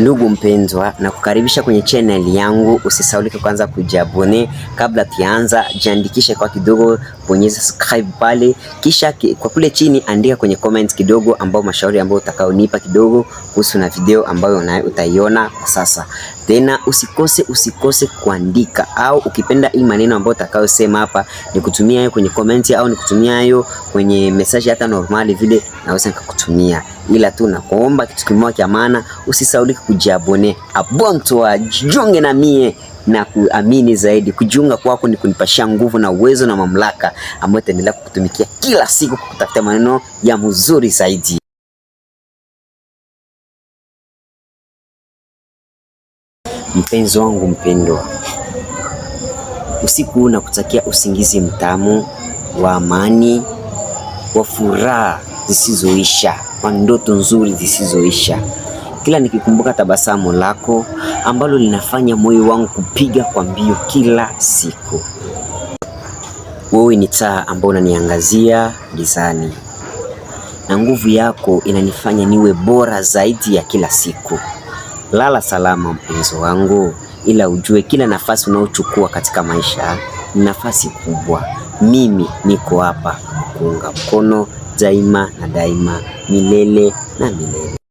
Ndugu mpendwa, na kukaribisha kwenye channel yangu. Usisaulike kwanza kujiabone. Kabla tuanza, jiandikishe kwa kidogo, bonyeza subscribe pale, kisha kwa kule chini andika kwenye comment kidogo, ambao mashauri ambayo utakaonipa kidogo kuhusu na video ambayo utaiona kwa sasa. Tena uh, usikose usikose kuandika, au ukipenda hii maneno ambayo utakayosema hapa, nikutumia hayo kwenye comment au nikutumia hayo kwenye message, hata normali vile naweza nikakutumia ila tu nakuomba kitu kimoja cha maana, usisaulike kujiabone wa jiunge na mie na kuamini zaidi. Kujiunga kwako ni kunipashia nguvu na uwezo na mamlaka ambayo itaendelea kukutumikia kila siku, kukutafutia maneno ya mzuri zaidi. Mpenzi wangu mpendwa, usiku huu nakutakia usingizi mtamu wa amani wa furaha zisizoisha kwa ndoto nzuri zisizoisha. Kila nikikumbuka tabasamu lako ambalo linafanya moyo wangu kupiga kwa mbio kila siku. Wewe ni taa ambayo unaniangazia gizani, na nguvu yako inanifanya niwe bora zaidi ya kila siku. Lala salama mpenzi wangu, ila ujue kila nafasi unayochukua katika maisha ni nafasi kubwa. Mimi niko hapa kuunga mkono daima na daima, milele na milele.